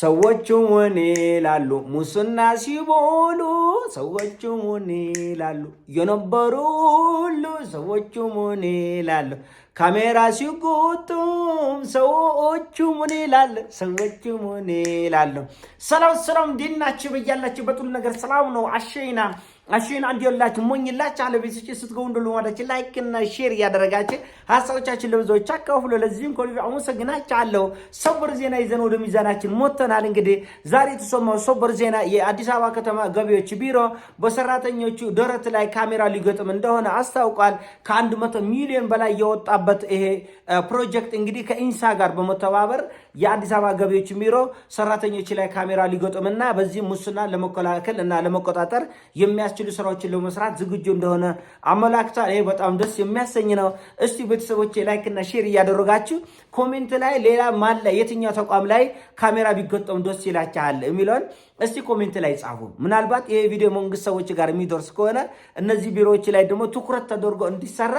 ሰዎቹም ወኔ ላሉ ሙስና ሲቦሉ ሰዎቹም ወኔ ላሉ የነበሩ ሁሉ ሰዎቹም ወኔ ላሉ ካሜራ ሲጎቱም ሰዎቹ ምን ይላል? ሰዎቹ ምን ይላል? ሰላም ሰላም፣ እንዴት ናችሁ? በያላችሁ በጥሉ ነገር ሰላም ነው። አሸይና አሸይና እንዲላችሁ ሞኝላችሁ አለ ቤቶች ስትገቡ እንደሉ ማዳችሁ ላይክ እና ሼር እያደረጋችሁ ሀሳቦቻችን ለብዙዎች አካፍሉ። ለዚህም ኮልቪ አመሰግናችኋለሁ። ሰበር ዜና ይዘን ወደ ሚዛናችን ሞተናል። እንግዲህ ዛሬ የተሰማው ሰበር ዜና የአዲስ አበባ ከተማ ገቢዎች ቢሮ በሰራተኞቹ ደረት ላይ ካሜራ ሊገጥም እንደሆነ አስታውቋል። ከአንድ መቶ ሚሊዮን በላይ የወጣበት የመጣበት ይሄ ፕሮጀክት እንግዲህ ከኢንሳ ጋር በመተባበር የአዲስ አበባ ገቢዎች ቢሮ ሰራተኞች ላይ ካሜራ ሊገጥምና በዚህ ሙስና ለመከላከል እና ለመቆጣጠር የሚያስችሉ ስራዎችን ለመስራት ዝግጁ እንደሆነ አመላክቷል። ይሄ በጣም ደስ የሚያሰኝ ነው። እስቲ ቤተሰቦች ላይክና ሼር እያደረጋችሁ ኮሜንት ላይ ሌላ ማለ የትኛው ተቋም ላይ ካሜራ ቢገጠም ደስ ይላችኋል የሚለውን እስቲ ኮሜንት ላይ ጻፉ። ምናልባት ይሄ ቪዲዮ መንግስት ሰዎች ጋር የሚደርስ ከሆነ እነዚህ ቢሮዎች ላይ ደግሞ ትኩረት ተደርጎ እንዲሰራ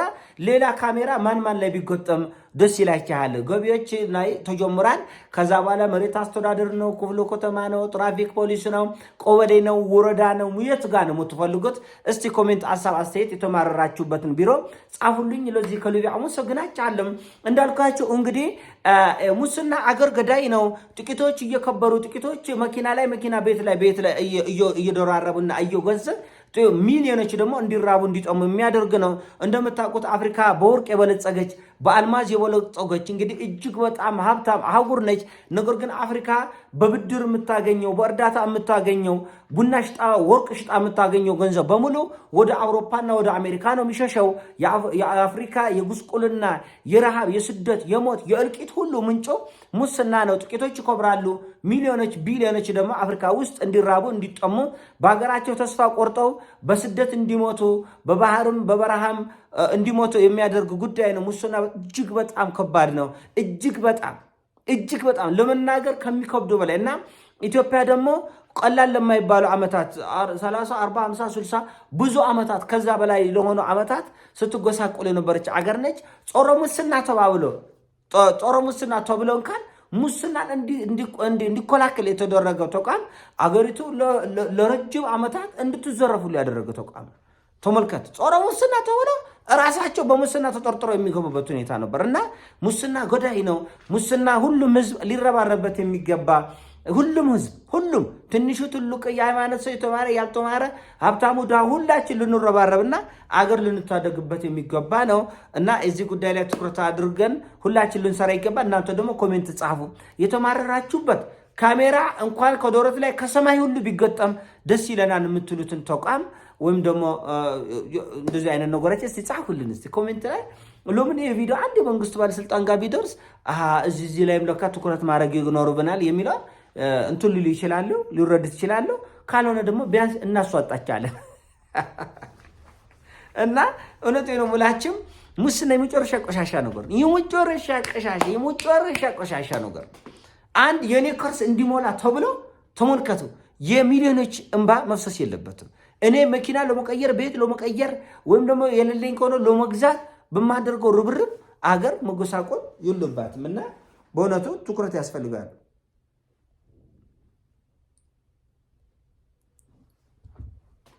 ሌላ ካሜራ ማን ማን ላይ ቢጎጠም ደስ ይላችኋል። ገቢዎች ላይ ተጀምሯል። ከዛ በኋላ መሬት አስተዳደር ነው፣ ክፍለ ከተማ ነው፣ ትራፊክ ፖሊስ ነው፣ ቆበዴ ነው፣ ወረዳ ነው። ሙየት ጋር ነው የምትፈልጉት? እስቲ ኮሜንት፣ ሀሳብ፣ አስተያየት የተማረራችሁበትን ቢሮ ጻፉልኝ። ለዚህ ከልቢ አመሰግናችኋለሁ። እንዳልኳቸው እንግዲህ ሙስና አገር ገዳይ ነው። ጥቂቶች እየከበሩ ጥቂቶች መኪና ላይ መኪና ቤት ላይ ቤት ላይ እየደራረቡና እየገዘ ሚሊዮኖች ደግሞ እንዲራቡ እንዲጠሙ የሚያደርግ ነው። እንደምታውቁት አፍሪካ በወርቅ የበለጸገች በአልማዝ የበለጸገች እንግዲህ እጅግ በጣም ሀብታም አህጉር ነች። ነገር ግን አፍሪካ በብድር የምታገኘው በእርዳታ የምታገኘው ቡና ሽጣ ወርቅ ሽጣ የምታገኘው ገንዘብ በሙሉ ወደ አውሮፓና ወደ አሜሪካ ነው የሚሸሸው። የአፍሪካ የጉስቁልና፣ የረሃብ፣ የስደት፣ የሞት፣ የእልቂት ሁሉ ምንጮ ሙስና ነው። ጥቂቶች ይኮብራሉ። ሚሊዮኖች፣ ቢሊዮኖች ደግሞ አፍሪካ ውስጥ እንዲራቡ እንዲጠሙ፣ በሀገራቸው ተስፋ ቆርጠው በስደት እንዲሞቱ በባህርም በበረሃም እንዲሞቱ የሚያደርግ ጉዳይ ነው። ሙስና እጅግ በጣም ከባድ ነው። እጅግ በጣም እጅግ በጣም ለመናገር ከሚከብዱ በላይ እና ኢትዮጵያ ደግሞ ቀላል ለማይባሉ ዓመታት 30፣ 40፣ 50፣ 60 ብዙ ዓመታት ከዛ በላይ ለሆኑ ዓመታት ስትጎሳቆል የነበረች አገር ነች። ጸረ ሙስና ተባብሎ ጸረ ሙስና ተብሎ እንኳን ሙስናን እንዲኮላክል የተደረገው ተቋም አገሪቱ ለረጅም ዓመታት እንድትዘረፉ ያደረገ ተቋም ተመልከት። ጸረ ሙስና ተሆነው ራሳቸው በሙስና ተጠርጥሮ የሚገቡበት ሁኔታ ነበር እና ሙስና ጎዳይ ነው። ሙስና ሁሉም ህዝብ ሊረባረበት የሚገባ ሁሉም ህዝብ ሁሉም ትንሹ፣ ትልቅ፣ የሃይማኖት ሰው፣ የተማረ፣ ያልተማረ፣ ሀብታሙ፣ ድሃ ሁላችን ልንረባረብና አገር ልንታደግበት የሚገባ ነው እና እዚህ ጉዳይ ላይ ትኩረት አድርገን ሁላችን ልንሰራ ይገባል። እናንተ ደግሞ ኮሜንት ጻፉ የተማረራችሁበት ካሜራ እንኳን ከዶረት ላይ ከሰማይ ሁሉ ቢገጠም ደስ ይለናል የምትሉትን ተቋም ወይም ደግሞ እንደዚህ አይነት ነገሮች እስቲ ጻፉልን፣ እስቲ ኮሜንት ላይ ሎምን ይህ ቪዲዮ አንድ የመንግስቱ ባለስልጣን ጋር ቢደርስ እዚህ እዚህ ላይም ለካ ትኩረት ማድረግ ይኖርብናል የሚለው እንትን ሊሉ ይችላሉ፣ ሊረዱት ይችላሉ። ካልሆነ ደግሞ ቢያንስ እናስዋጣቻለን እና እውነቱ ነው ሙላችም ሙስና የመጨረሻ ቆሻሻ ነገር ነው። የመጨረሻ ቆሻሻ የመጨረሻ ቆሻሻ ነገር አንድ የኔ ከርስ እንዲሞላ ተብሎ ተመልከቱ። የሚሊዮኖች እንባ መፍሰስ የለበትም። እኔ መኪና ለመቀየር ቤት ለመቀየር ወይም ደግሞ የሌለኝ ከሆነ ለመግዛት በማደርገው ርብርብ አገር መጎሳቆል የለባትም እና በእውነቱ ትኩረት ያስፈልጋል።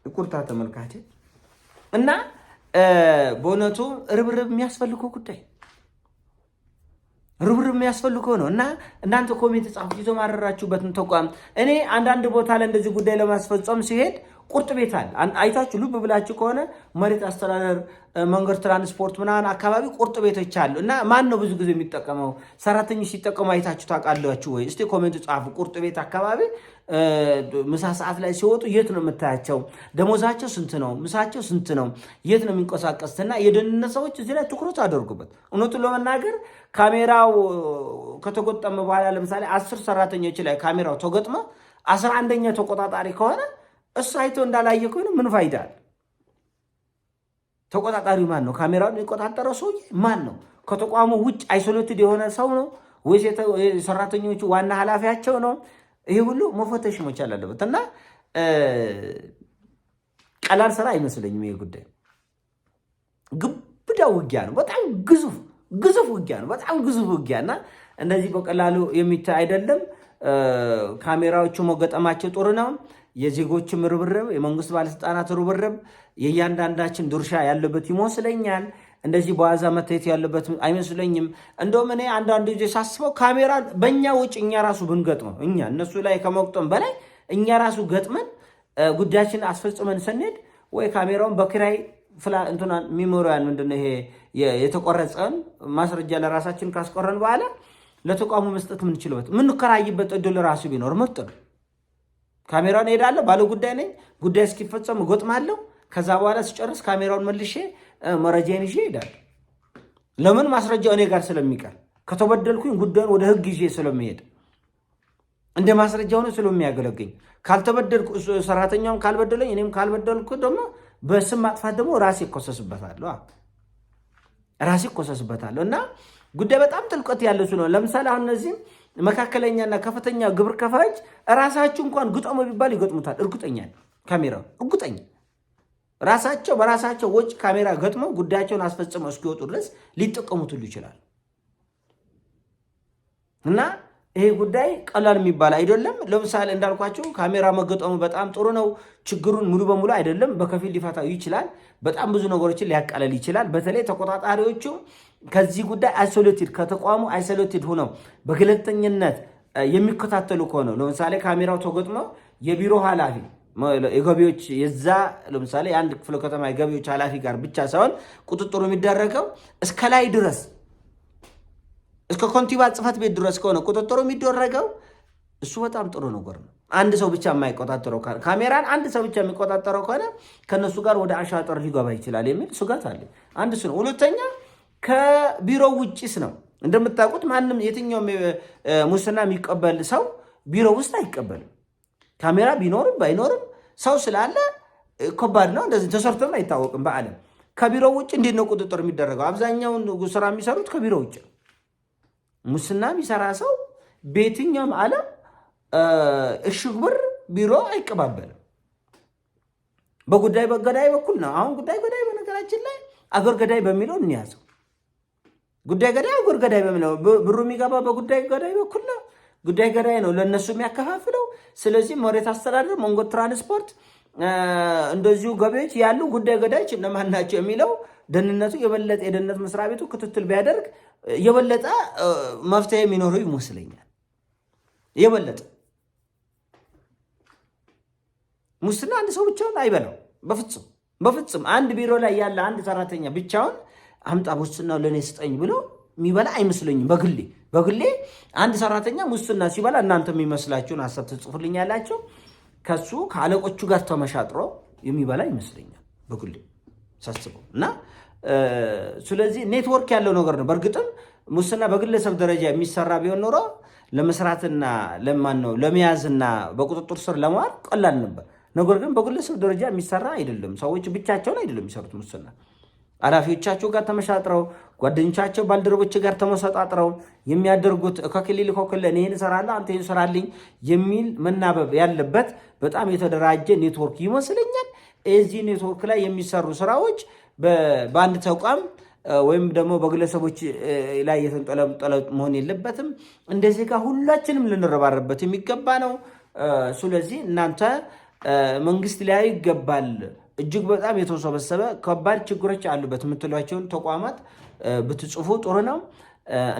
ይቁርታ ተመልካች እና በእውነቱ ርብርብ የሚያስፈልገው ጉዳይ ርብርብ የሚያስፈልገው ነው እና እናንተ ኮሜንት ጻፉ። ይዞ ማረራችሁበትን ተቋም እኔ አንዳንድ ቦታ ላይ እንደዚህ ጉዳይ ለማስፈጸም ሲሄድ ቁርጥ ቤት አለ። አይታችሁ ልብ ብላችሁ ከሆነ መሬት አስተዳደር፣ መንገድ፣ ትራንስፖርት ምናምን አካባቢ ቁርጥ ቤቶች አሉ። እና ማን ነው ብዙ ጊዜ የሚጠቀመው? ሰራተኞች ሲጠቀሙ አይታችሁ ታውቃላችሁ ወይ? እስቲ ኮሜንት ጻፉ። ቁርጥ ቤት አካባቢ ምሳ ሰዓት ላይ ሲወጡ የት ነው የምታያቸው? ደሞዛቸው ስንት ነው? ምሳቸው ስንት ነው? የት ነው የሚንቀሳቀሱት? እና የደህንነት ሰዎች እዚህ ላይ ትኩረት አደርጉበት። እውነቱን ለመናገር ካሜራው ከተጎጠመ በኋላ ለምሳሌ አስር ሰራተኞች ላይ ካሜራው ተገጥመ አስራ አንደኛ ተቆጣጣሪ ከሆነ እሱ አይቶ እንዳላየ ከሆነ ምን ፋይዳ አለ? ተቆጣጣሪው ማን ነው? ካሜራውን የቆጣጠረው ሰውዬ ማን ነው? ከተቋሙ ውጭ አይሶሌትድ የሆነ ሰው ነው ወይስ ሰራተኞቹ ዋና ኃላፊያቸው ነው? ይሄ ሁሉ መፈተሽ መቻል አለበት እና ቀላል ስራ አይመስለኝም። ይሄ ጉዳይ ግብዳ ውጊያ ነው። በጣም ግዙፍ ግዙፍ ውጊያ ነው። በጣም ግዙፍ ውጊያ እና እንደዚህ በቀላሉ የሚታይ አይደለም። ካሜራዎቹ መገጠማቸው ጥሩ ነው። የዜጎችም ርብርብ፣ የመንግስት ባለስልጣናት ርብርብ፣ የእያንዳንዳችን ድርሻ ያለበት ይመስለኛል። እንደዚህ በዋዛ መታየት ያለበት አይመስለኝም። እንደውም እኔ አንዳንድ ጊዜ ሳስበው ካሜራ በእኛ ውጭ እኛ ራሱ ብንገጥመው እኛ እነሱ ላይ ከመቁጠም በላይ እኛ ራሱ ገጥመን ጉዳያችን አስፈጽመን ስንሄድ ወይ ካሜራውን በኪራይ እንትና ሚሞሪያል ምንድነው ይሄ የተቆረጸን ማስረጃ ለራሳችን ካስቆረን በኋላ ለተቋሙ መስጠት ምንችልበት ምንከራይበት እድል ራሱ ቢኖር ምርጥ ነው። ካሜራውን እሄዳለሁ፣ ባለ ጉዳይ ነኝ፣ ጉዳይ እስኪፈጸም እጎጥማለሁ። ከዛ በኋላ ስጨርስ ካሜራውን መልሼ መረጃን ይዤ እሄዳለሁ። ለምን ማስረጃው እኔ ጋር ስለሚቀር ከተበደልኩኝ ጉዳዩን ወደ ህግ ይዤ ስለሚሄድ እንደ ማስረጃ ሆነ ስለሚያገለግኝ ካልተበደልኩ ሰራተኛውም ካልበደለኝ እኔም ካልበደልኩ ደግሞ በስም ማጥፋት ደግሞ ራሴ ይኮሰስበታለሁ ራሴ ይኮሰስበታለሁ። እና ጉዳይ በጣም ጥልቀት ያለ ስለሆነ ለምሳሌ አሁን እነዚህም መካከለኛና ከፍተኛ ግብር ከፋጅ ራሳችሁ እንኳን ግጦሞ ቢባል ይገጥሙታል። እርግጠኛ ካሜራ እርግጠኛ ራሳቸው በራሳቸው ወጪ ካሜራ ገጥመው ጉዳያቸውን አስፈጽመው እስኪወጡ ድረስ ሊጠቀሙት ሁሉ ይችላል እና ይሄ ጉዳይ ቀላል የሚባል አይደለም። ለምሳሌ እንዳልኳቸው ካሜራ መገጠሙ በጣም ጥሩ ነው። ችግሩን ሙሉ በሙሉ አይደለም፣ በከፊል ሊፈታው ይችላል። በጣም ብዙ ነገሮችን ሊያቀለል ይችላል። በተለይ ተቆጣጣሪዎቹ ከዚህ ጉዳይ አይሶሌትድ ከተቋሙ አይሶሌትድ ሆነው በገለልተኝነት የሚከታተሉ ከሆነ ለምሳሌ ካሜራው ተገጥሞ የቢሮ ኃላፊ የገቢዎች የዛ ለምሳሌ የአንድ ክፍለ ከተማ የገቢዎች ኃላፊ ጋር ብቻ ሳይሆን ቁጥጥሩ የሚደረገው እስከ ላይ ድረስ እስከ ከንቲባ ጽፈት ቤት ድረስ ከሆነ ቁጥጥሩ የሚደረገው እሱ በጣም ጥሩ ነገር ነው። አንድ ሰው ብቻ የማይቆጣጠረው ካሜራን አንድ ሰው ብቻ የሚቆጣጠረው ከሆነ ከነሱ ጋር ወደ አሻጠር ሊገባ ይችላል የሚል ስጋት አለ። አንድ እሱ ነው። ሁለተኛ ከቢሮው ውጭስ ነው። እንደምታውቁት ማንም የትኛውም ሙስና የሚቀበል ሰው ቢሮ ውስጥ አይቀበልም። ካሜራ ቢኖርም ባይኖርም ሰው ስላለ ከባድ ነው። እንደዚህ ተሰርቶም አይታወቅም በዓለም ከቢሮ ውጭ እንዴት ነው ቁጥጥር የሚደረገው? አብዛኛውን ስራ የሚሰሩት ከቢሮ ውጭ ነው። ሙስና የሚሰራ ሰው በየትኛውም ዓለም እሽግ ብር ቢሮ አይቀባበልም። በጉዳይ በገዳይ በኩል ነው። አሁን ጉዳይ ገዳይ በነገራችን ላይ አገር ገዳይ በሚለው እንያዘው። ጉዳይ ገዳይ አገር ገዳይ በሚለው ብሩ የሚገባ በጉዳይ ገዳይ በኩል ነው። ጉዳይ ገዳይ ነው ለእነሱ የሚያከፋፍለው። ስለዚህ መሬት አስተዳደር፣ መንገድ፣ ትራንስፖርት እንደዚሁ ገቢዎች ያሉ ጉዳይ ገዳዮች እነማን ናቸው የሚለው ደህንነቱ የበለጠ የደህንነት መስሪያ ቤቱ ክትትል ቢያደርግ የበለጠ መፍትሄ የሚኖረው ይመስለኛል። የበለጠ ሙስና አንድ ሰው ብቻውን አይበላው፣ በፍጹም በፍጹም። አንድ ቢሮ ላይ ያለ አንድ ሰራተኛ ብቻውን አምጣ ሙስናው ለእኔ ስጠኝ ብሎ የሚበላ አይመስለኝም። በግሌ በግሌ አንድ ሰራተኛ ሙስና ሲበላ እናንተ የሚመስላችሁን ሀሳብ ትጽፉልኛላችሁ። ከሱ ከአለቆቹ ጋር ተመሻጥሮ የሚበላ ይመስለኛል በግሌ ሳስበው እና ስለዚህ ኔትወርክ ያለው ነገር ነው። በእርግጥም ሙስና በግለሰብ ደረጃ የሚሰራ ቢሆን ኖሮ ለመስራትና ለማን ነው ለመያዝና በቁጥጥር ስር ለመዋል ቀላል ነበር። ነገር ግን በግለሰብ ደረጃ የሚሰራ አይደለም። ሰዎች ብቻቸውን አይደለም የሚሰሩት ሙስና ኃላፊዎቻቸው ጋር ተመሻጥረው ጓደኞቻቸው ባልደረቦች ጋር ተመሰጣጥረው የሚያደርጉት ከክልል ከክል ይህን ሰራለ አንተ ይህን ሰራልኝ የሚል መናበብ ያለበት በጣም የተደራጀ ኔትወርክ ይመስለኛል። እዚህ ኔትወርክ ላይ የሚሰሩ ስራዎች በአንድ ተቋም ወይም ደግሞ በግለሰቦች ላይ የተንጠለጠለ መሆን የለበትም። እንደዚህ ጋር ሁላችንም ልንረባረበት የሚገባ ነው። ስለዚህ እናንተ መንግስት ሊያዩ ይገባል። እጅግ በጣም የተሰበሰበ ከባድ ችግሮች አሉበት የምትሏቸውን ተቋማት ብትጽፉ ጥሩ ነው።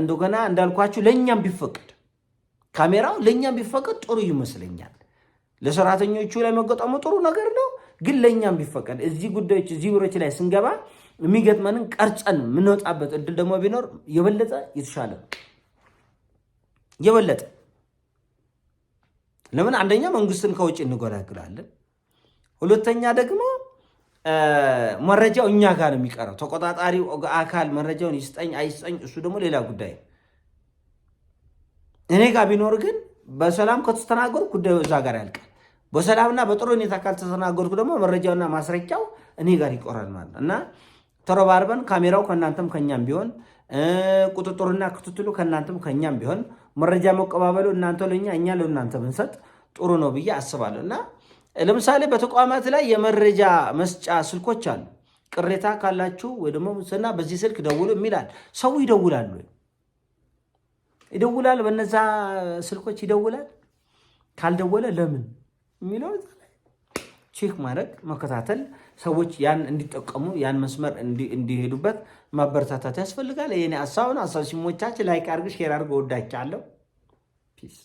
እንደገና እንዳልኳችሁ ለእኛም ቢፈቅድ ካሜራው ለእኛም ቢፈቅድ ጥሩ ይመስለኛል። ለሰራተኞቹ ላይ መገጠሙ ጥሩ ነገር ነው፣ ግን ለእኛም ቢፈቀድ እዚህ ጉዳዮች እዚህ ብሮች ላይ ስንገባ የሚገጥመንን ቀርጸን የምንወጣበት እድል ደግሞ ቢኖር የበለጠ የተሻለ የበለጠ ለምን አንደኛ መንግስትን ከውጭ እንጎዳግላለን፣ ሁለተኛ ደግሞ መረጃው እኛ ጋር ነው የሚቀረው። ተቆጣጣሪው አካል መረጃውን ይስጠኝ አይስጠኝ፣ እሱ ደግሞ ሌላ ጉዳይ። እኔ ጋር ቢኖር ግን በሰላም ከተስተናገርኩ ጉዳዩ እዛ ጋር ያልቃል። በሰላምና በጥሩ ሁኔታ ካልተስተናገርኩ ደግሞ መረጃውና ማስረጃው እኔ ጋር ይቆራል ማለት እና ተረባርበን ካሜራው ከእናንተም ከኛም ቢሆን ቁጥጥሩና ክትትሉ ከእናንተም ከኛም ቢሆን መረጃ መቀባበሉ እናንተ ለኛ እኛ ለእናንተ ብንሰጥ ጥሩ ነው ብዬ አስባለሁ። እና ለምሳሌ በተቋማት ላይ የመረጃ መስጫ ስልኮች አሉ። ቅሬታ ካላችሁ ወይ ደግሞ ሙስና በዚህ ስልክ ደውሉ የሚላል ሰው ይደውላሉ ይደውላል፣ በነዛ ስልኮች ይደውላል። ካልደወለ ለምን የሚለው ቼክ ማድረግ መከታተል፣ ሰዎች ያን እንዲጠቀሙ ያን መስመር እንዲሄዱበት ማበረታታት ያስፈልጋል። ይሄኔ ሀሳብን አሳ ሲሞቻች ላይክ አድርግ፣ ሼር አድርግ። ወዳቻለሁ። ፒስ